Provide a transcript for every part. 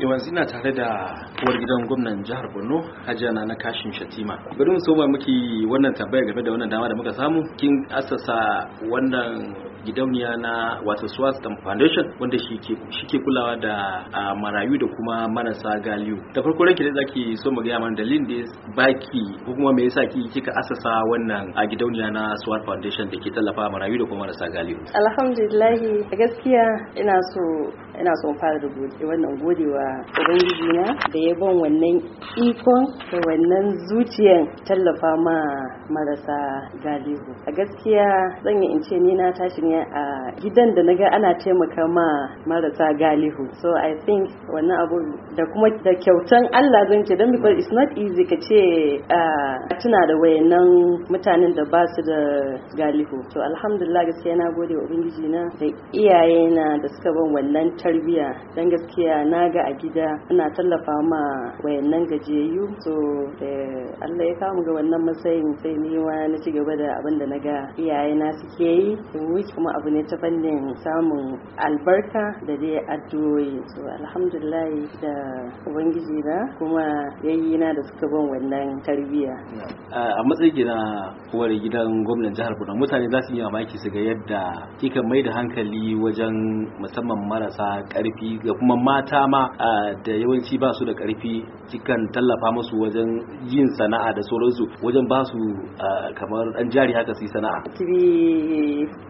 Eh, yanzu ina tare da uwar gidan gwamnan jihar borno hajiya na kashin shatima bari mu soma muke wannan tabbaya game da wannan dama da muka samu kin asasa wannan gidauniya na wato swast foundation wanda shi ke kulawa da marayu da kuma marasa galiyu da farko ranki da zaki so mu gaya mana dalilin da baki ko kuma me yasa ki kika asasa wannan a gidauniya na swast foundation da ke tallafa marayu da kuma marasa galiyu alhamdulillah gaskiya ina so ina son fara da wannan godewa ubangiji na da ya ban wannan iko da wannan zuciyan tallafa ma marasa galihu a gaskiya zan yi in ce ni na tashi ne a gidan da naga ana taimaka ma marasa galihu so i think wannan abu da kuma da kyautan Allah zan ce don because it's not easy ka ce a tuna da wayannan mutanen da ba su da galihu to alhamdulillah gaskiya na gode wa ubangiji na da iyayena da suka ban wannan tarbiya dan gaskiya na ga a gida ana tallafa ma wayannan gajiyayyu so da eh, Allah ya kawo ga wannan matsayin sai ni ma na ci gaba da abin da na ga iyaye na suke yi wuce kuma abu ne ta fannin samun albarka da dai addu'o'i so alhamdulillah da ubangiji na kuma yayi na da suka bin wannan tarbiya a matsayin gina uwar gidan gwamnan jihar Borno mutane za su yi mamaki su ga yadda kika mai da hankali wajen musamman marasa karfi ga kuma mata ma da yawanci ba su da karfi cikin tallafa musu wajen yin sana'a da sauransu wajen ba su kamar dan jari haka su yi sana'a to be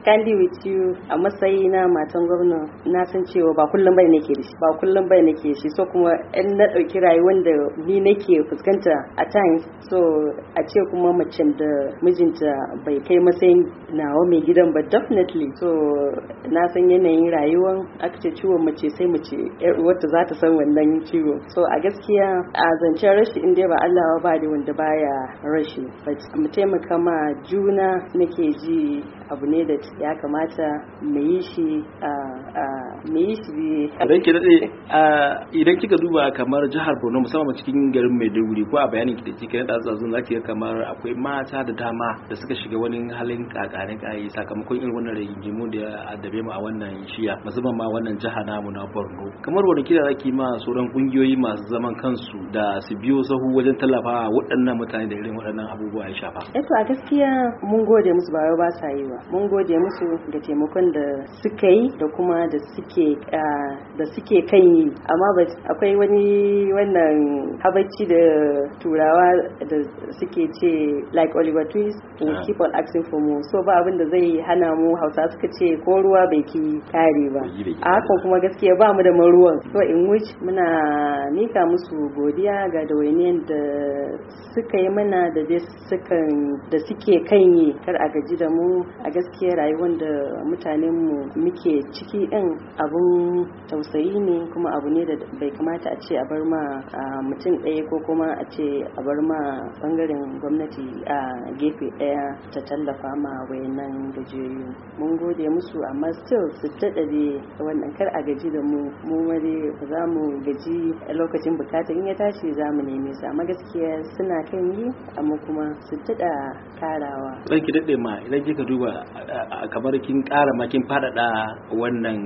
kindly with you a matsayi na matan gwamna na san cewa ba kullum bai nake da shi ba kullum bai nake shi so kuma in na dauki rayuwar da ni nake fuskanta a times so a ce kuma mace da mijinta bai kai matsayin nawa mai gidan ba definitely so na san yanayin rayuwar aka ce ciwo ciwon mace sai mace eh, wata za ta san wannan ciwon so a gaskiya a zancen rashi in dai ba Allah ba da wanda baya rashi mu taimaka ma juna nake ji abu ne da ya kamata mai yi shi yi shi idan kika duba kamar jihar Borno musamman cikin garin Maiduguri ko a bayanin ki da kika da zuwa zaki ga kamar akwai mata da dama da suka shiga wani halin kakarin kayi sakamakon irin wannan rigimu da ya addabe mu a wannan shiya musamman ma wannan jiha namu na Borno kamar wani kira zaki ma sauran kungiyoyi masu zaman kansu da su biyo sahu wajen tallafa waɗannan mutane da irin waɗannan abubuwa ya shafa. Eto eh a gaskiya mun gode musu ba ba sa yi ba mun gode musu da taimakon da suka yi da kuma da suke da suke kan yi amma akwai wani wannan habacci da turawa da suke ce like Oliver Twist in ah. keep on asking for more so ba abin da zai hana mu Hausa suka ce ko ruwa bai ki kare ba a hakan kuma gaskiya ba mu da maruwan so in which muna mika musu godiya ga dawainiyar da suka yi mana da da suke kan yi kar a gaji da mu a gaskiya rayuwar da mutanen mu muke ciki din abun tausayi ne kuma abu ne da bai kamata a ce a bar ma mutum ɗaya ko kuma a ce a bar ma bangaren gwamnati a gefe ɗaya ta tallafa ma wayannan gajeriyu mun gode musu amma still su daɗe wannan kar a gaji da mu mu wani za mu gaji lokacin bukata in ya tashi za mu neme su amma gaskiya suna kan yi amma kuma su daɗa karawa. Ranki daɗe ma idan kika duba kamar kin ƙara ma kin faɗaɗa wannan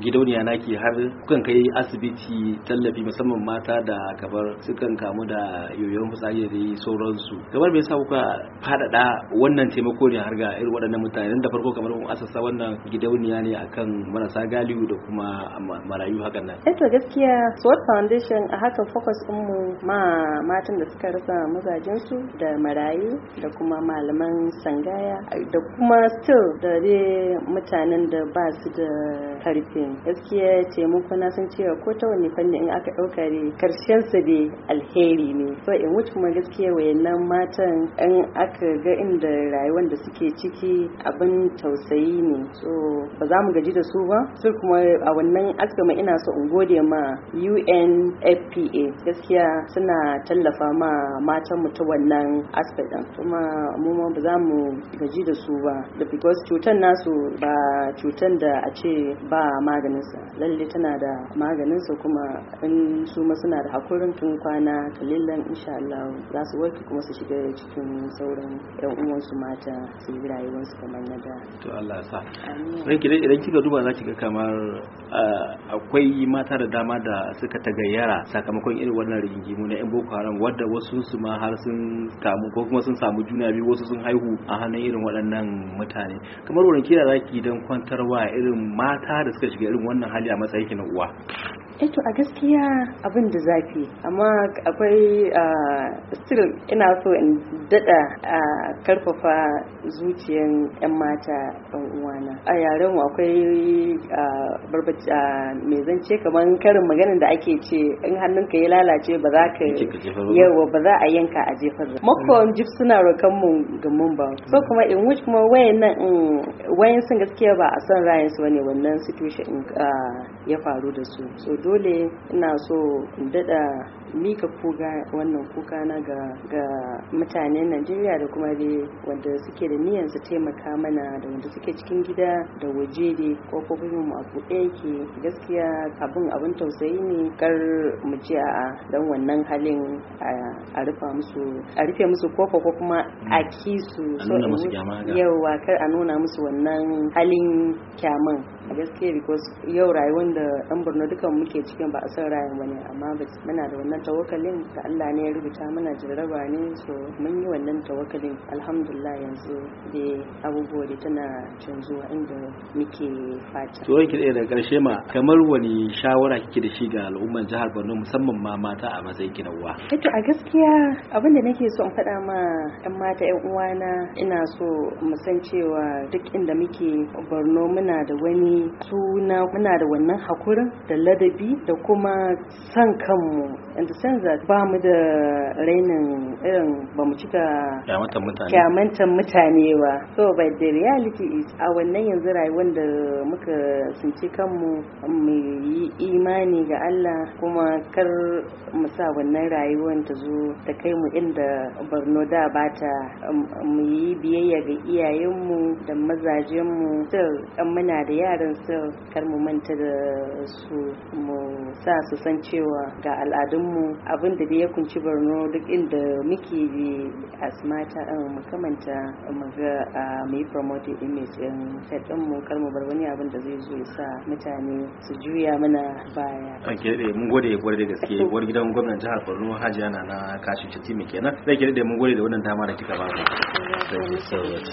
gidauniya naki har kukan kai asibiti tallafi musamman mata da kamar sukan kamu da yoyon fitsari da sauransu kamar me yasa kuka faɗaɗa wannan taimako ne har ga irin waɗannan mutane da farko kamar kun asasa wannan gidauniya ne akan marasa galihu da kuma marayu hakan nan eh to gaskiya Sword Foundation a haka focus din mu ma matan da suka rasa mazajensu da marayu da kuma malaman sangaya da kuma still da dai mutanen da ba su da karfi gaskiya taimako na san cewa ko ta wani fanni in aka ɗauka ne karshen su dai alheri ne so in wuce kuma gaskiya wayannan matan in aka ga inda rayuwar da suke ciki abin tausayi ne so ba za mu gaji da su ba su kuma a wannan asgama ina so in gode ma UNFPA gaskiya suna tallafa ma matan mu ta wannan aspect kuma mu ba za mu gaji da su ba ba because cutar nasu ba cutar da a ce ba maganinsa lalle tana da maganinsa kuma in su ma suna da hakurin tun kwana kalilan insha Allah za su warke kuma su shiga cikin sauran yan uwansu mata su yi rayuwarsu kamar na da to Allah sa idan kika duba za ki ga kamar akwai mata da dama da suka tagayyara sakamakon irin wannan rigingimu na yan boko haram wadda wasu su ma har sun kamu ko kuma sun samu juna biyu wasu sun haihu a hannun irin waɗannan mutane kamar wurin kira zaki don kwantarwa irin mata da suka shiga irin wannan hali a matsayin na uwa eto eh a gaskiya abin da zafi amma akwai still ina so in dada a karfafa zuciyan yan mata ɗan uwana a yaren akwai barbaci mai zance kamar karin maganin da ake ce in hannunka ya lalace ba za ka yawa ba za a yanka a jefar da makon mm. jif suna rokan mu ga mun ba so kuma in wuce kuma wayan nan mm, wayan sun gaskiya ba a son rayansu su wannan situation ya faru da su so dole ina so in daɗa mika kuga wannan kuka na ga, ga mutanen najeriya da kuma dai wanda suke da niyan su taimaka mana da wanda suke cikin gida da waje dai ko mu a buɗe yake gaskiya abin abin tausayi ne kar mu ji a dan wannan halin a rufa musu a rufe musu kofa ko kuma hmm. a ki su so yawa kar a nuna musu wannan halin kyaman gaskiya because yau rayuwar da ɗan borno dukan muke cikin ba a san rayuwa ne amma muna da wannan tawakalin da Allah ne ya rubuta mana jarraba ne so mun yi wannan tawakalin alhamdulillah yanzu da abubuwa da tana canzuwa inda muke fata to yake da karshe ma kamar wani shawara kike da shi ga al'ummar jihar Borno musamman ma mata a matsayin ki eh, to a gaskiya abin da nake so in faɗa ma yan mata ƴan uwana ina so mu san cewa duk inda muke Borno muna da wani suna muna da wannan hakurin da ladabi da kuma san kanmu and sense that ba mu da rainin irin ba mu cika kyamantan mutane ba so but the reality is a wannan yanzu rayuwar da muka sunce kanmu mu yi imani ga Allah kuma kar mu sa wannan rayuwar ta zo ta kai mu inda barno da ba ta mu yi biyayya ga iyayenmu da mazajenmu da muna da yara irin su kar mu manta da su mu sa su san cewa ga al'adunmu abin da ya kunci borno duk inda muke bi ɗin eh, mu kamanta mu ga a mai promoting image ɗin shaɗin mu kar mu bar wani abin da zai zo ya sa mutane su juya mana baya. An ke mun gode gwar da gaske gwar gidan gwamnan jihar Borno Hajiya na na kashi mu kenan. Zai ke mun gode da wannan dama da kika ba mu.